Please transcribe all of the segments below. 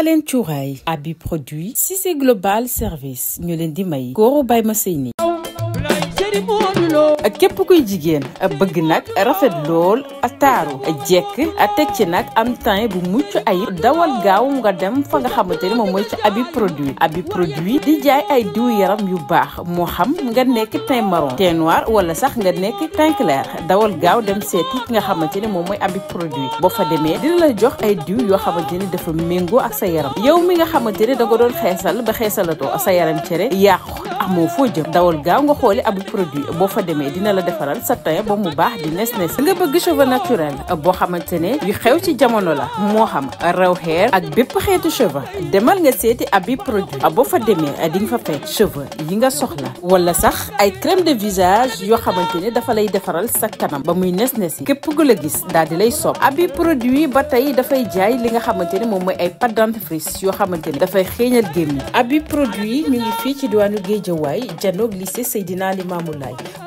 Palen Cuuraay Abi Produit Cissé Global Service ñu leen di may góoru bay ma sëy ni képp koy jigéen bëgg nag rafet lool taaru jekk teg ci nag am teint bu mucc ayib dawal gaaw nga dem fa nga xamante ni moom mooy ci abi produit abi produit di jaay ay diw yaram yu baax moo xam nga nekk teint marron teint noir wala sax nga nekk teint dawal gaaw dem seeti ki nga xamante ni moom mooy abi produit boo fa demee dina la jox ay diw yoo xamante ni dafa méngoo ak sa yaram yow mi nga xamante ni da nga doon xeesal ba xeesalatoo sa yaram cere yàqu amoo foo jëm dawal gaaw nga xooli abi produit fa demee dina la defaral sa teint ba mu baax di nes nes nga bëgg cheveux naturel boo xamante ne yu xew ci jamono la moo xam rew xeer ak bépp xeetu cheveux demal nga seeti abi produit boo fa demee di fa fekk yi nga soxla wala sax ay crème de visage yoo xamante ne dafa lay defaral sa kanam ba muy nes nes yi képp ku gis daal di lay soob abi produit ba tey dafay jaay li nga xamante ne moom mooy ay pâte dentifrice yoo xamante ne dafay xeeñal gémmiñ abi produit ñu ngi fii ci diwaanu Géejawaay janoog lycée Seydina Limamou Laye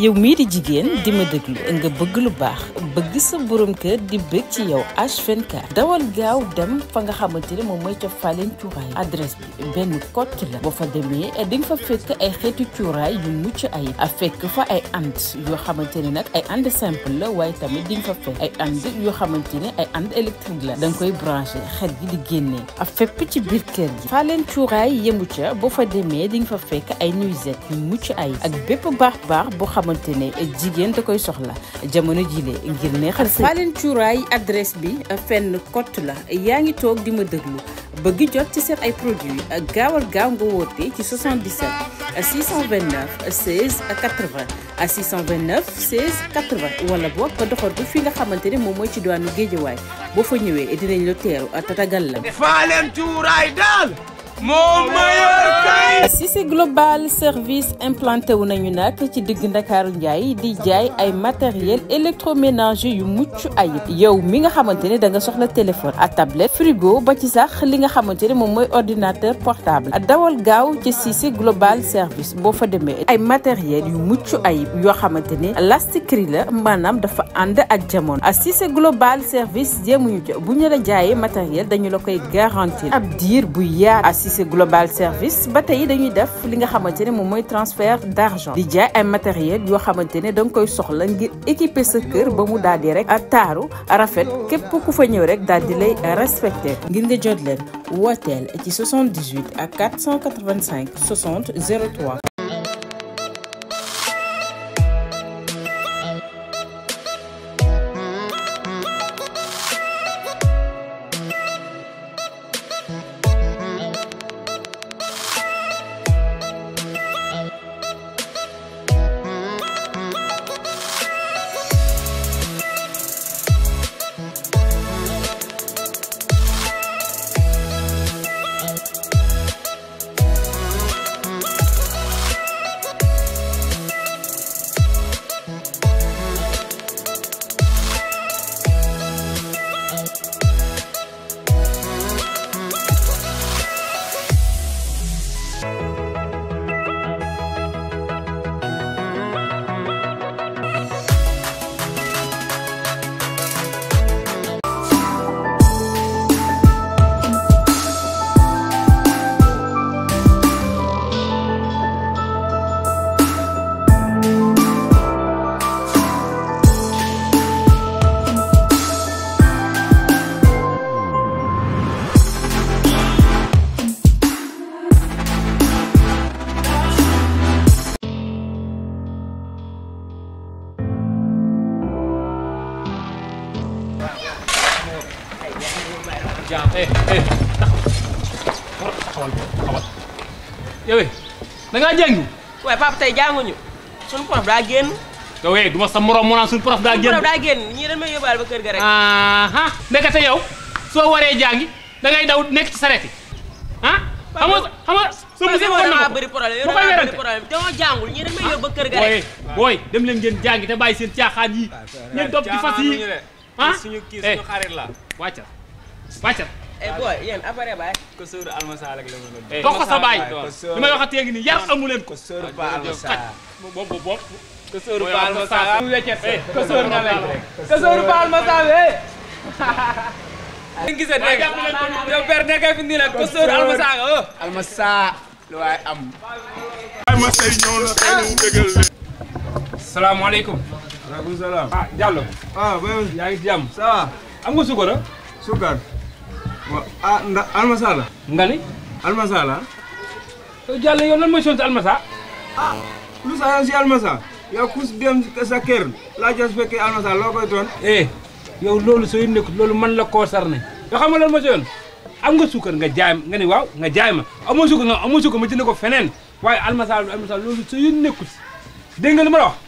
yow mii di jigéen di ma déglu nga bëgg lu baax bëgg sa boroom kër di bëgg ci yow H24 dawal gaaw dem fa nga xamante ne moom mooy ca Falen cuuraay adresse bi benn kott la boo fa demee di nga fa fekk ay xeetu cuuraay yu mucc ay fekk fa ay and yoo xamante ni nag ay and simple la waaye tamit di nga ay and yoo xamante ne ay and électrique la da nga koy branché xet gi di génnee a fépp ci biir kër gi Falen cuuraay yemu ca boo fa demee di nga fa fekk ay nuisette yu mucc ay ak bépp baax baax boo xam xamante ne jigéen da koy soxla jamono jile ngir neexal sa Fallène Cuuraay adresse bi fenn kott la yaa ngi toog di ma déglu bëgg jot ci seen ay produits gaawal gaaw nga woote ci 77 629 16 80 629 16 80 wala boog nga doxal ko fi nga xamante ne moom mooy ci diwaanu Géejawaay boo fa ñëwee dinañ la teeru tatagal la. Fallène Cuuraay daal. moo meilleur kay. Global Service implanté wu nañu nag ci digg Ndakaaru Ndiaye di jaay ay matériel électroménager yu mucc ayib yow mi nga xamante ne da nga soxla téléphone ak tablette frigo ba ci sax li nga xamante ne moom mooy ordinateur portable dawal gaaw ci Cissé Global Service boo fa demee ay matériel yu mucc ayib yoo xamante ne lastikri la maanaam dafa ànd ak jamono ah, Cissé Global Service jéemuñu ca bu ñu la jaayee matériel dañu la koy garantir ab diir bu yaatu ah, Cissé global service ba tey dañuy def li nga xamante ne moom mooy transfert d' di jaay ay matériel yoo xamante ne da koy soxla ngir équiper sa kër ba mu daal di rek taaru rafet képp ku fa ñëw rek daal di lay respecté ngir nga jot leen wooteel ci 78 ak 485 60 03. jaam eh eh taxawal taxawal taxawal yow eh. waaye papa tey jànguñu suñu prof daa génn. yow eh du ma sa morom mu naan suñu daa génn suñu prof daa ñii dañu may yóbbaale ba kër ga rek. ndekete yow soo waree jàngi da daw nekk ci sareet yi ah. xam nga xam nga soo mu seen kon na ma mu koy werante dañoo jàngul ñii dañu may yóbbu ba kër ga rek. booy dem leen jàngi te bàyyi seen caaxaan yi ngeen topp ci fas yi ah suñu kii eh. wàccal. eh booy yéen après baay. ko sóoru almasaar rek la ma doon. wax ko sa baay li may waxatee ngi nii yar amu leen ko. ko sóoru ba almasaar boobu boobu boobu. ko sóoru ba almasaar ko sóoru nga lekk ko sóoru ba almasaar li nga gisee dégg yow père nekkee fi nii la ko sóoru almasaar nga oh. almasaar lu waay am. ma say ñëw la xëy na mu dëggal leen. salaamaaleykum. waaleykum salaam. ah Diallo. ah oui. yaa ngi si jàmm. ça va. am nga sukar ah. sukar. waaw ah ndax almasa nga ni. almasa la. Diallo yow lan mooy sonn si almasa. ah lu saa si almasa. yow ku si dem sa kër laa jos fekkee almasa loo koy toon. eh yow loolu sooy nekkul loolu man la concerné. yoo xam nga lan mooy sonn am nga suukar nga jaay nga ni waaw nga jaay ma amoo suukar nga amoo suukar ma jënd ko feneen waaye almasa almasa loolu sooy nekkul dégg nga li ma la wax.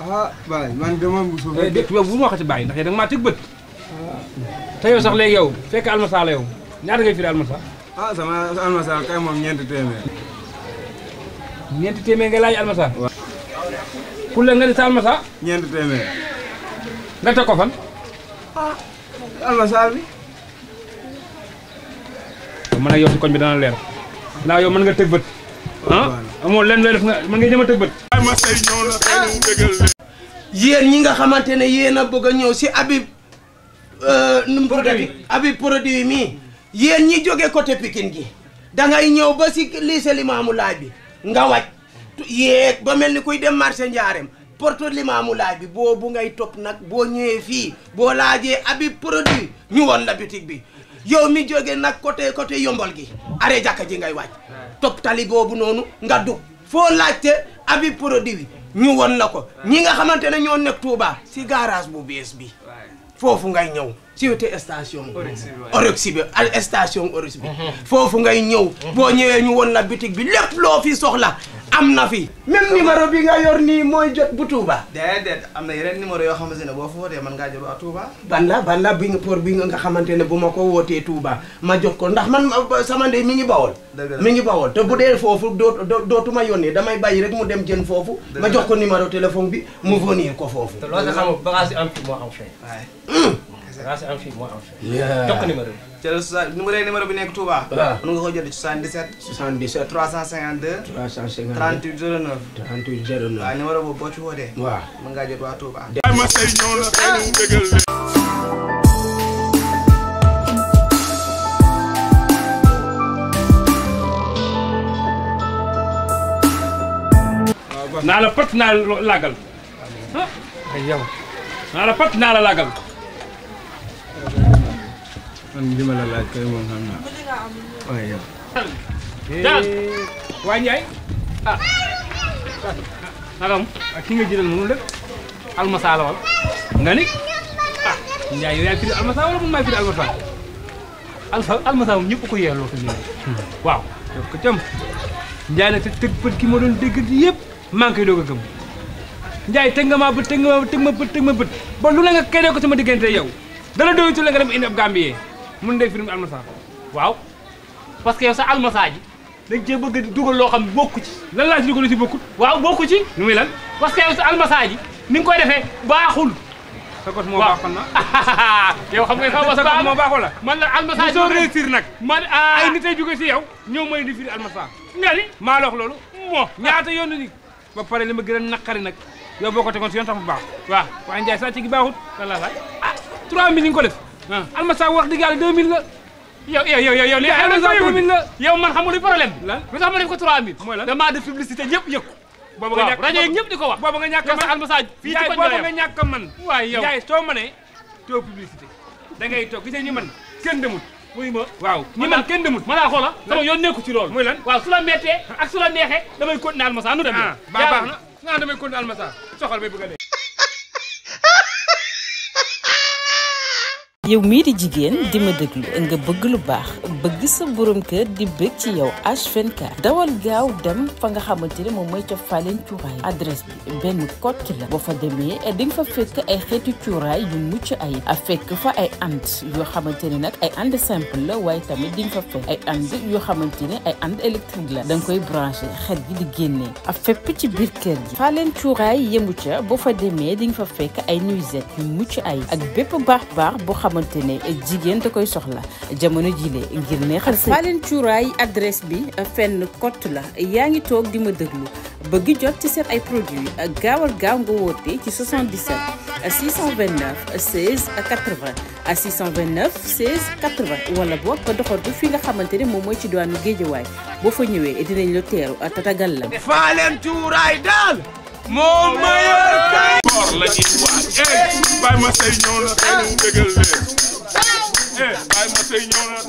ah Baye man de moom bu soobee. Eh, dégg nga bu ma waxati Baye ndax yéen a ngi maa tëgg bët. te yow sax léegi yow fekk almasa la yow ñaata ngay firi ah, sama almasa kay moom ñeenti téeméer. ñeenti téeméer nga laaj almasa. waaw. la nga di sa almasa. ñeenti téeméer. nga teg ko fan. ah almasa bi. man ak yow si koñ bi dana leer. ndax yow mën nga tëg bët. ah amoo lenn looy def nga mën nga jëm a tëg bët. yéen ñi nga xamante ne yéen a bëgg a ñëw si Habib. Euh, nu mu produit abi produit mii yéen ñi jóge côté Pikine gi da ngay ñëw ba si lycée Limaamu Laay bi nga wàcc yéeg ba mel ni kuy dem marché Ndiarème porte Limaamu Laay bi boobu ngay topp nag boo ñëwee fii boo laajee abi produit ñu won la boutique bi yow mi jóge nag côté côté yombol gi are jàkka ji ngay wàcc topp tali boobu noonu nga dugg foo laajte abi produit ñu won la ko ñi nga xamante ne ñoo nekk Touba si garage bu bees bi foofu ngay ñëw ci wetu station Oryx bi al station Oryx bi foofu ngay ñëw mhm. boo ñëwee ñu won la bitig bi lépp loo fi soxla am na fi. même numéro bi nga yor nii mooy jot bu Touba. déedéet am na yeneen numéro yoo xamante ne boo fa wootee mën ngaa jot waa Touba. ban la ban la bi nga pour bi nga xamante ne bu ma ko wootee Touba ma jot ko ndax man sama ndey mi ngi bawol. mi ngi bawoon te bu dee foofu doo dootuma yónnee damay bàyyi rek mu dem jën foofu. ma jox ko numéro téléphone bi mu venir ko foofu. te loolu nga xam bagage yi am fii moo am fee. waaye. jëlal sa numéro yi numéro bi nekk Touba. waaw mën nga ko jël 77. 77 352. 352 38 09. 38 09 waaw numéro boobu boo ci wootee. waaw mën ngaa jot waa Touba. naa la pat naa la laagal. ah yow. naa la pat naa la laagal. man ma la laaj kay moom xam waa Ndiaye. ah. naka am ak ah, ki nga jëlal mënul def almasa la wal nga ni ah Ndiaye yow yaa ngi firi almasa wala man maa ngi firi almasa alfa almasa moom ñëpp ko yelloo fi mu waaw def ko cam Ndiaye nag te tëg bët ki ma doon dégg yëpp maa koy doog a gëm Ndiaye teg nga maa bët teg ma bët teg ma bët teg ma bët ba lu la nga kenee ko sama diggante yow dara doyutul la nga dem indi ab Gambie mun nekk film almasa waaw parce que yow sa almasa ji dañ cee bëgg di dugal loo xam bokku ci lan laa si dugal si bokkut waaw bokku ci nu muy lan parce que yow sa almasa ji ni nga koy defee baaxul sa kot moo baaxoon na xam nga sa kot moo baaxoon la man la almasa soo réussir nag man ah. ay nit ay si yow ñoom mooy di firi almasa nga ni maa loox loolu moo ñaata yoon ni ba pare li ma gën a naqari nag yow boo ko tegoon si yoon tax bu baax waaw waa Ndiaye saa gi baaxut lan la laaj ah 3 mille ko def Ah. almasa wax dëgg yàlla 2000 la. yow yow yow yow li almasa 2000 la. yow man xam nga luy problème bi. lan lu tax ma def ko 3000. a lan damaa def publicité ñëpp yëg ko. boobu nga ñàkk rajo yeeg ñëpp di ko wax. boobu nga ñàkk man almasa fii ci ko boobu nga ñàkk man. waay yow yaay too publicité da ngay toog gisee ñu kenn demul. muy ma waaw ñi man kenn demul ma laa xoola sama yoon nekku ci loolu muy lan waaw su la mettee ak su la neexee damay continuer almasa nu dem ah, baax na nga damay continuer almasa soxal may bëgg a yow mii di jigéen di ma déglu nga bëgg lu baax bëgg sa borom kër di bëgg ci yow H24 dawal gaaw dem fa nga xamante ne moom mooy ca Falen cuuraay adresse bi benn kott la boo fa demee di nga fa fekk ay xeetu cuuraay yu mucc ay a fekk fa ay and yoo xamante ni nag ay and simple la waaye tamit di nga fa ay and yoo xamante ne ay and électrique la da nga koy branché xet gi di génnee a fépp ci biir kër gi leen cuuraay yemu ca boo fa demee di nga fa fekk ay nuisette yu mucc ay ak bépp baax baax boo xamante jigéen da koy soxla jamono jile ngir neexal sa. Fallène Cuuraay adresse bi fenn kott la yaa ngi toog di ma déglu bëgg jot ci seen ay produits gaawal gaaw nga woote ci 77 629 16 80 629 16 80 wala boog nga doxal ko fii nga xamante ne moom mooy ci diwaanu Géejawaay boo fa ñëwee dinañ la teeru tatagal la. Fallène Cuuraay daal. moo mayal kay. koor la ñuy waaj. eh Baye Masseye ñëw na xëy na mu dëggal leen. eh